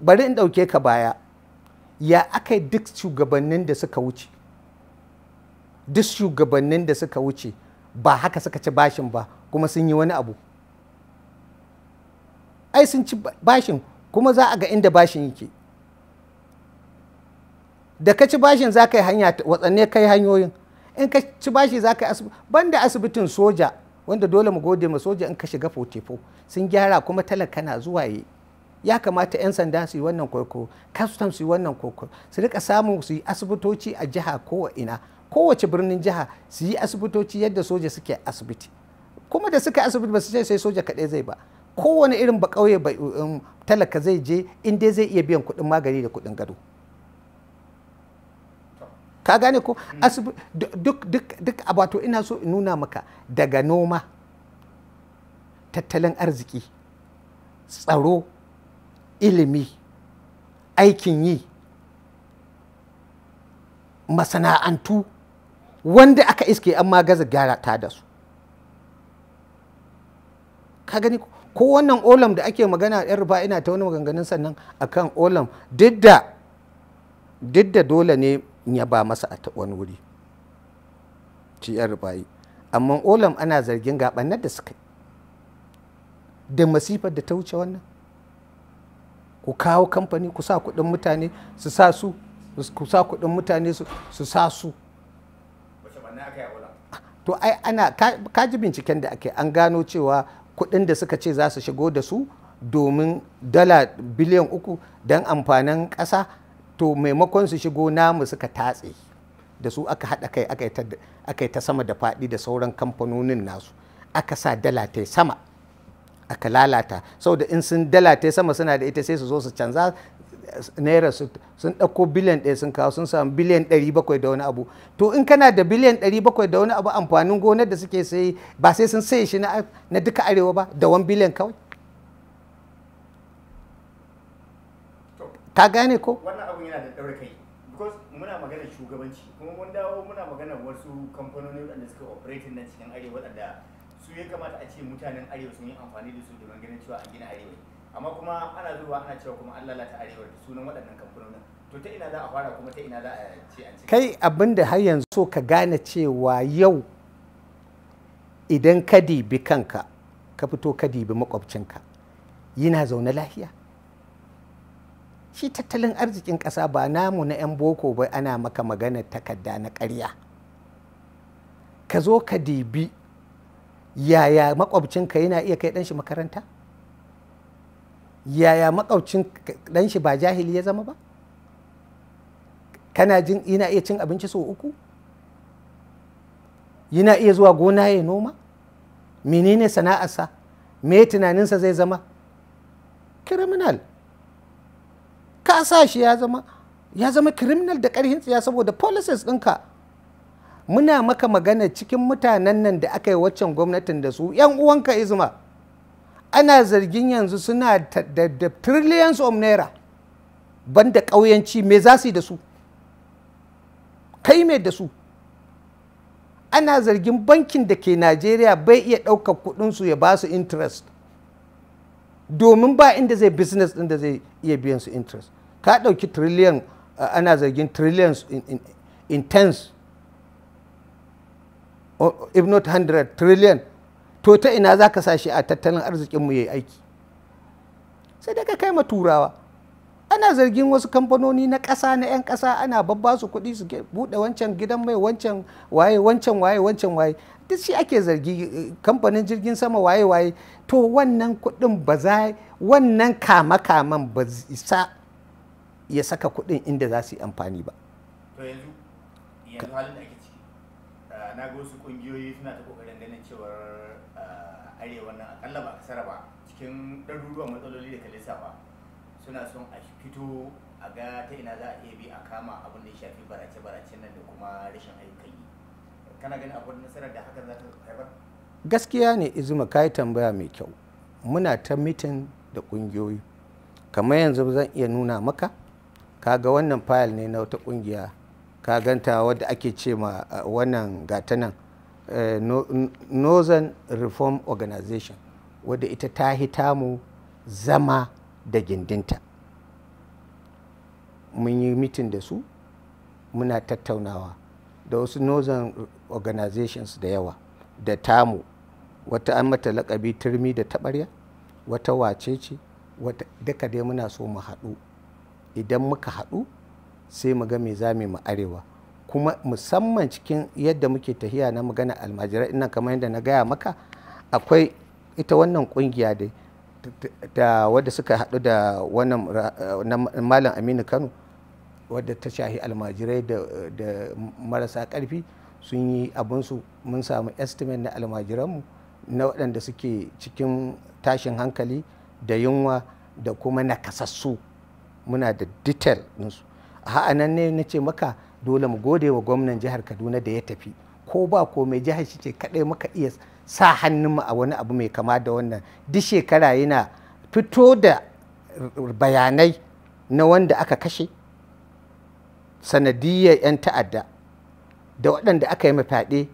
bari in ɗauke ka baya ya aka yi duk shugabannin da suka wuce duk shugabannin da suka wuce ba haka suka ci bashin ba kuma sun yi wani abu ai sun ci bashin kuma za a ga inda bashin yake da ka ci bashin za ka yi hanya watsanne ka yi hanyoyin in ka ci bashi za ka yi asibiti banda asibitin soja wanda dole mu gode ma soja in ka shiga fotefo sun gyara kuma talaka na zuwa yi ya kamata 'yan sanda su yi wannan kwaikwayo kastam su yi wannan kwaikwayo su rika samu su yi asibitoci a jiha ko ina kowace birnin jiha su yi asibitoci yadda soja suke asibiti kuma da suka asibiti ba su ce sai soja kaɗai zai ba kowane irin ba ƙauye um, talaka zai je in dai zai iya biyan kuɗin magani da kuɗin gado ka gane ko hmm. duk duk duk abato ina so in nuna maka daga noma tattalin arziki tsaro ilimi aikin yi masana'antu wanda aka iske an ma gaza gyara ta da su ka gani ko wannan olam da ake magana yan ba ina ta wani maganganun sannan akan olam duk da duk da dole ne ya ba masa a wani wuri ci yan yi. amma olam ana zargin gabanar da suka da masifar da ta wuce wannan ku kawo kamfani ku sa kudin mutane su sa su ku sa kudin mutane su sa su to ai ana ka ji binciken da ake an gano cewa kuɗin da suka ce za su shigo da su domin dala biliyan uku don amfanin ƙasa to maimakon su shigo namu suka tatse da su aka haɗa kai aka yi ta sama da faɗi da sauran kamfanonin nasu aka sa dala ta sama aka lalata saboda in sun ta sama suna da ita sai su zo su canza naira sun ɗauko biliyan ɗaya sun kawo sun samu biliyan ɗari bakwai da wani abu to in kana da biliyan ɗari bakwai da wani abu amfanin gonar da suke sai ba sai sun saye shi na duka arewa ba da wani biliyan kawai ka gane ko wannan abun yana da ɗaure kai because muna magana shugabanci kuma mun dawo muna magana wasu kamfanoni waɗanda suka operating nan cikin arewa waɗanda su ya kamata a ce mutanen arewa sun yi amfani da su domin ganin cewa an gina arewa amma kuma ana zuwa ana cewa kuma an lalata arewa da sunan waɗannan kamfanonin to ta ina za a fara kuma ta ina za a ce an ce kai abin da har yanzu so ka gane cewa yau idan ka dibi kanka ka fito ka dibi makwabcinka yana zaune lafiya shi tattalin arzikin ƙasa ba namu na 'yan boko ba ana maka magana takarda na ƙarya ka zo ka dibi yaya makwabcinka yana iya kai ɗanshi makaranta yaya makwabcin ɗanshi ba jahili ya zama ba kana jin yana iya cin abinci sau uku yana iya zuwa gona ya noma menene sana'arsa me tunaninsa zai zama criminal ka sa shi ya zama ya zama criminal da ƙarhin tsiya saboda policies ɗinka muna maka magana cikin mutanen nan da aka yi waccan gwamnatin da su yan uwanka izuma ana zargin yanzu suna da trillions of naira banda ƙauyanci me za su yi da su kai me da su ana zargin bankin da ke najeriya bai iya ɗaukar kuɗinsu ya ba su interest domin ba inda zai business ɗin da zai iya biyan su interest ka ɗauki trillion ana zargin trillions in, in tens if not 100 trillion to ta ina zaka ka sashi a tattalin arzikinmu ya yi aiki sai daga kai ma turawa ana zargin wasu kamfanoni na ƙasa na 'yan ƙasa ana babba su kuɗi su buɗe wancan gidan mai wancan waye wancan waye wancan waye duk shi ake zargi kamfanin jirgin sama waye waye to wannan kuɗin ba wannan kama kaman ba ya saka kuɗin inda za su yi amfani ba yanzu halin da ake na ga wasu kungiyoyi suna ta kokarin ganin cewar arewa nan akalla ba kasara ba cikin ɗaruruwan matsaloli da kalisa ba suna son a fito a ga ta ina za a iya bi a kama abin da ya shafi barace-baracen nan da kuma rashin ayyukan yi kana ganin akwai nasarar da hakan za ta haifar gaskiya ne izuma ka tambaya mai kyau muna ta mitin da kungiyoyi kamar yanzu zan iya nuna maka ka ga wannan fayil ne na wata kungiya ka ganta wadda ake ce ma eh, wannan nan eh, northern reform organization wadda ita ta hita mu zama da gindinta mun yi mitin da su muna tattaunawa da wasu northern organizations da yawa da tamu wata an mata lakabi turmi da taɓarya wata wace ce wata duka dai muna so mu haɗu idan muka haɗu sai mu ga me za mu mu arewa kuma musamman cikin yadda muke tahiya na magana almajirai ina kamar yadda na gaya maka akwai ita wannan kungiya da wadda suka haɗu da wannan malam aminu kano wadda ta shahi almajirai da marasa ƙarfi sun yi abinsu mun samu estimate na almajiranmu na waɗanda suke cikin tashin hankali da yunwa da kuma nakasassu muna da detail ɗinsu a nan ne na ce maka dole mu gode wa gwamnan jihar kaduna da ya tafi ko ba ko mai jihar shi ce kadai muka iya sa hannunmu a wani abu mai kama da wannan duk shekara yana fito da bayanai na wanda aka kashe sanadiyar 'yan ta'adda da waɗanda aka yi fyaɗe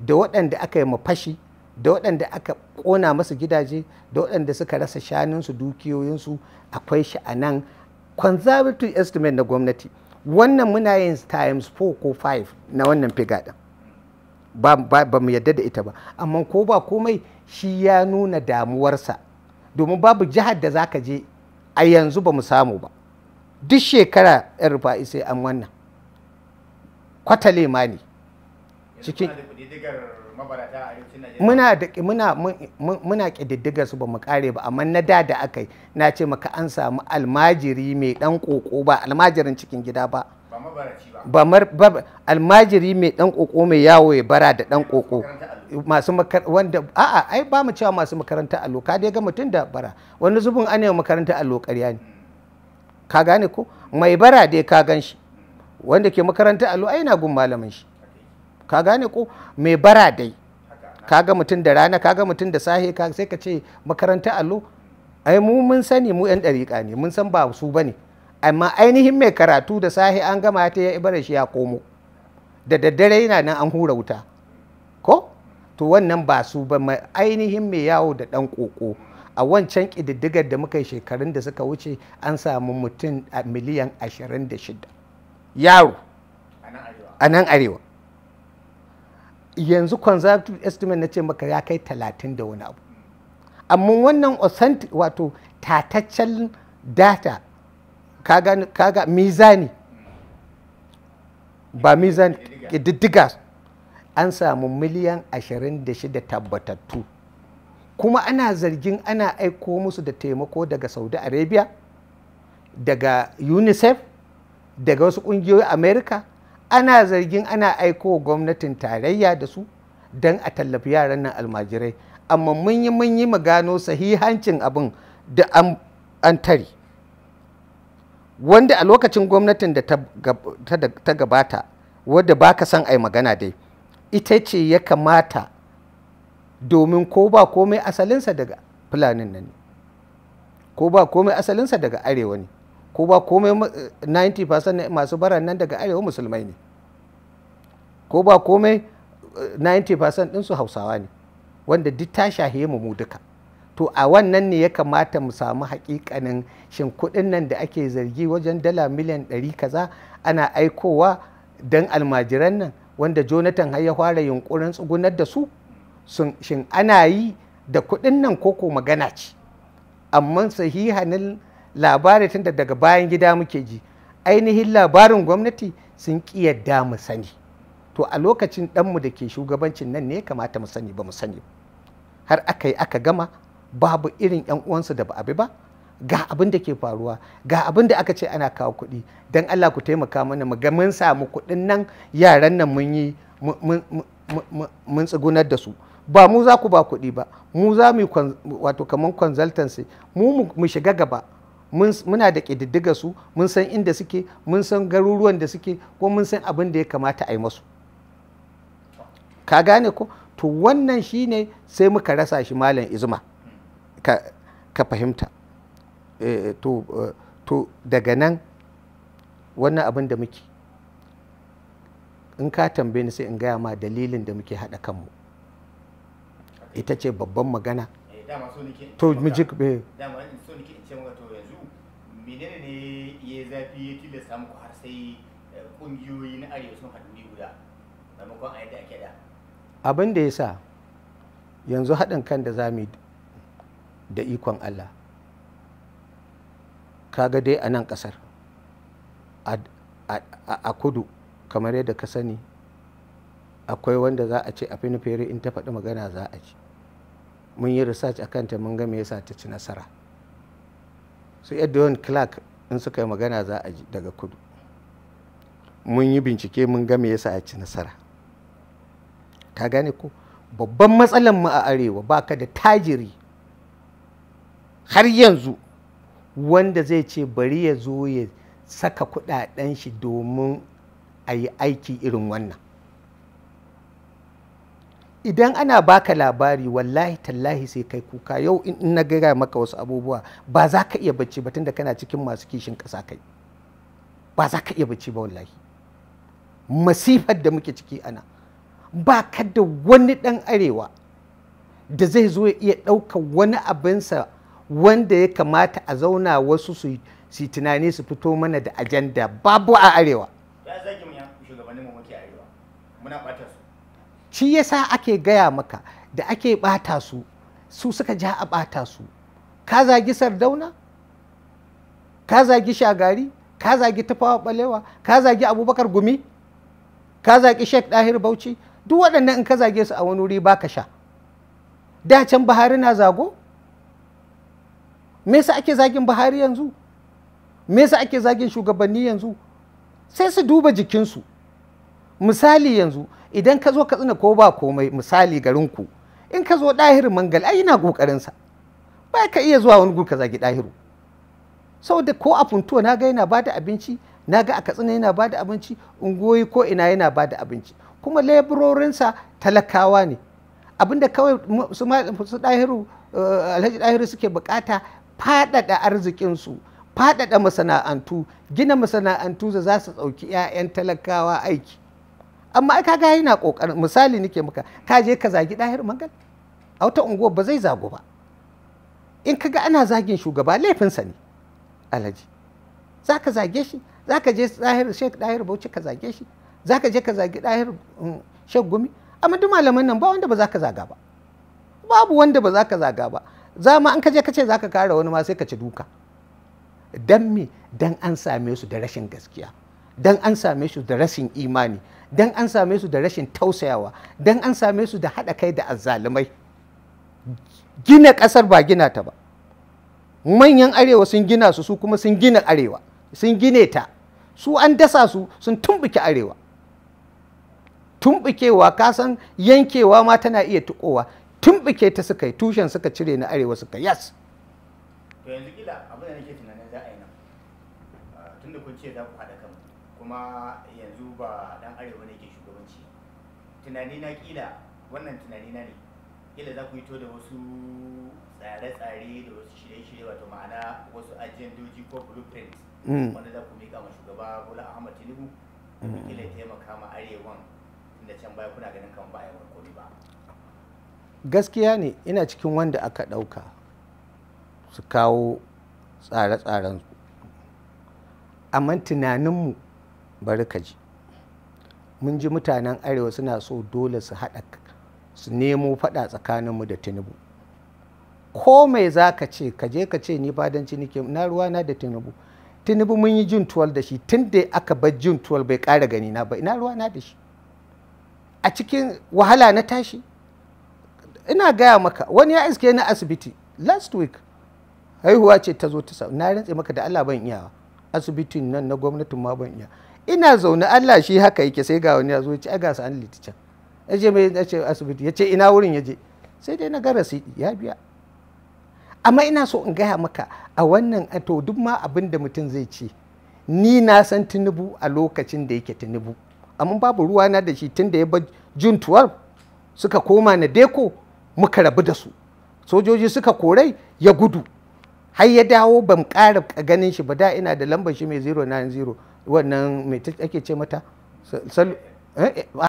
da waɗanda aka yi fashi da waɗanda aka ƙona masu gidaje da waɗanda suka rasa shanunsu dukiyoyinsu akwai shi a nan conservative estimate na gwamnati wannan muna yin times 4 ko 5 na wannan figa ɗin ba, mu yadda da ita ba amma ko ba komai shi ya nuna damuwarsa domin babu jihar da za ka je a yanzu ba mu samu ba duk shekara yan rufa'i sai an wannan kwatale ma ne cikin muna da muna muna kididdigar su ba mu kare ba amma na da da aka yi na ce maka an samu almajiri mai dan koko ba almajirin cikin gida ba ba ba almajiri mai dan koko mai yawo ya bara da dan koko masu wanda a'a ai ba mu cewa masu makaranta allo ka dai ga mutun da bara wani zubin an yi makaranta allo ƙarya ne ka gane ko mai bara dai ka gan shi wanda ke makaranta allo ai na gun malamin shi ka gane ko mai bara dai kaga mutum da rana kaga mutum da sahe sai ka ce makaranta allo ai mu mun sani mu yan dariƙa ne mun san ba su bane amma ainihin mai karatu da sahe an gama ta ya ibar shi ya komo da daddare yana nan an hura wuta ko to wannan ba su ba ainihin mai yawo da ɗan ƙoƙo a wancan ƙididdigar da muka yi shekarun da suka wuce an samu mutum a miliyan 26 yaro a nan arewa yanzu conservative estimate na ce maka ya kai talatin da wani abu amma wannan authentic wato tataccen data kaga, ga mizani ba mizani diddiga an samu miliyan 26 tabbatattu kuma ana zargin ana aiko musu da taimako daga saudi arabia daga unicef daga wasu kungiyoyi america ana zargin ana aiko gwamnatin tarayya da su don a tallafi yaran nan almajirai amma mun yi mun yi mu gano sahihancin abin da an tare wanda a lokacin gwamnatin da ta gabata wadda ba ka son ai magana dai ita ce ya kamata domin ko ba komai asalinsa daga fulanin nan ko ba komai asalinsa daga arewa ne ko ba komai 90% masu baran nan daga arewa musulmai ne ko ba komai 90% eh, ɗinsu hausawa ne wanda duk ta shahe mu mu duka to a wannan ne ya kamata mu samu haƙiƙanin shin kuɗin nan da ake zargi wajen dala miliyan 100 kaza ana aikowa don almajiran nan wanda jonathan har ya fara yunkurin tsugunar da su shin ana yi da kuɗin nan koko magana ce amma sahihanin labari tun daga bayan gida muke ji ainihin labarin gwamnati sun ki yadda mu sani to a lokacin ɗanmu da ke shugabancin nan ne kamata mu sani ba mu sani har aka yi aka gama babu irin 'yan uwansu da ba abi ba ga abin da ke faruwa ga abin da aka ce ana kawo kuɗi don allah ku taimaka mana mu ga mun samu kuɗin nan yaran nan mun yi mun tsugunar da su ba mu za ku ba kuɗi ba mu za mu yi wato kamar consultancy mu mu shiga gaba muna da ƙididdiga su mun san inda suke mun san garuruwan da suke ko mun san abin da ya kamata a yi masu ka gane ko to wannan shine sai muka rasa shi malam izuma ka, fahimta eh, eh, to daga nan wannan abin da muke in ka tambaye ni sai in gaya ma dalilin da muke haɗa kanmu ita ce babban magana dama so nake to mu ji be eh. dama so ne ya abin da ya sa yanzu haɗin kan da za da ikon Allah kaga dai a nan ƙasar a kudu kamar yadda ka sani akwai wanda za a ce a fini fere in ta faɗi magana za a ci mun yi research a kanta mun ga me yasa ta ci nasara su edwin clark in suka yi magana za a ji daga kudu mun yi bincike mun ga me yasa a ci nasara ta gane ko babban matsalar mu a arewa baka da tajiri har yanzu wanda zai ce bari ya zo ya saka kudaden shi domin a yi aiki irin wannan idan ana baka labari wallahi tallahi sai kai kuka yau in na gaya maka wasu abubuwa ba za ka iya bacci ba tunda kana cikin masu kishin ƙasa kai ba za ka iya bacci ba wallahi masifar da muke ciki ana ba ka da wani ɗan arewa da zai zo ya iya ɗaukar wani abinsa wanda ya kamata a zauna wasu su yi tunani su fito mana da ajanda babu a arewa muna shi yasa ake gaya maka da ake ɓata su su suka ja a ɓata su ka zagi sardauna ka zagi shagari ka zagi tafawa balewa ka zagi abubakar gumi ka zagi sheikh dahir bauchi duk waɗannan in ka zage su a wani wuri baka sha da can buhari na zago me yasa ake zagin buhari yanzu me yasa ake zagin shugabanni yanzu sai su duba jikinsu misali yanzu idan ka zo ka tsina ko ba komai misali garinku in ka zo ɗahirin mangal ai ina ƙoƙarinsa ba ka iya zuwa wani gurka zagi ɗahiru saboda ko a funtuwa na ga yana ba da abinci na ga a katsina yana ba da abinci ungoyi ko ina yana ba da abinci kuma leburorinsa talakawa ne abinda kawai su ɗahiru eh, alhaji ɗahiru suke bukata faɗaɗa arzikinsu faɗaɗa masana'antu gina masana'antu za su ɗauki 'ya'yan talakawa aiki amma ai kaga yana kokarin misali nake maka ka je ka zagi dahir mangal a wata unguwa ba zai zago ba in kaga ana zagin shugaba laifinsa ne alhaji za ka zage shi za ka je dahir sheikh dahir bauchi ka zage shi za ka je ka zagi dahir mm, sheikh gumi amma duk malaman nan ba wanda ba za ka zaga ba babu wanda ba za ka zaga ba za ma an ka je ka ce za ka kare wani ma sai ka ci duka dan me dan an same su da rashin gaskiya Don an same su da rashin imani don an same su da rashin tausayawa don an same su da haɗa kai da azzalumai gina ƙasar ba gina ta ba manyan arewa sun gina su su kuma sun gina arewa sun gine ta su an dasa su sun tumbuke arewa tumbukewa kasan yankewa ma tana iya tukowa tumbuke ta suka yi tushen suka cire na arewa suka yas yanzu kila abin da nake tunanin za a tun da kun ce za ku haɗa kuma yanzu ba dan arewa ne ke shugabanci tunani na kila wannan tunani na ne kila za ku yi to da wasu tsare-tsare da wasu shirye-shirye wato ma'ana wasu ajendoji ko blueprint mm. wanda za ku mika ma shugaba bola ahmad tinubu mm. da kila taimaka ma arewan tunda can baya kuna ganin kan ba a komi ba gaskiya ne ina cikin wanda aka ɗauka su kawo tsare-tsaren amma tunaninmu bari ka ji mun ji mutanen arewa suna so dole su haɗa su nemo faɗa tsakaninmu da tinubu ko mai za ka ce ka je ka ce ni badan ciniki na na da tinubu tinubu mun yi jin tuwal da shi tun da aka bar jin tuwal bai ƙara gani na ba ina ruwa na da shi a cikin wahala na tashi ina gaya maka wani ya iske na asibiti last week haihuwa ce ta zo ta na rantse maka da allah ban iyawa asibitin nan na gwamnatin ma ban iya ina zaune Allah shi haka yake sai ga wani ya zo ya aga sa'an liticin mai yace asibiti yace ina wurin yaje sai dai na ga rasidi ya biya amma ina so in gaya maka a wannan to duk ma abin da mutum zai ci ni na san tinubu a lokacin da yake tinubu amma babu ruwa na da shi tun da ya jun 12 suka koma na deko muka rabu da su sojoji suka korai ya gudu har ya dawo ban ƙara ganin shi ba da ina da lambar shi mai 090 wannan mai ake ce mata eh, eh,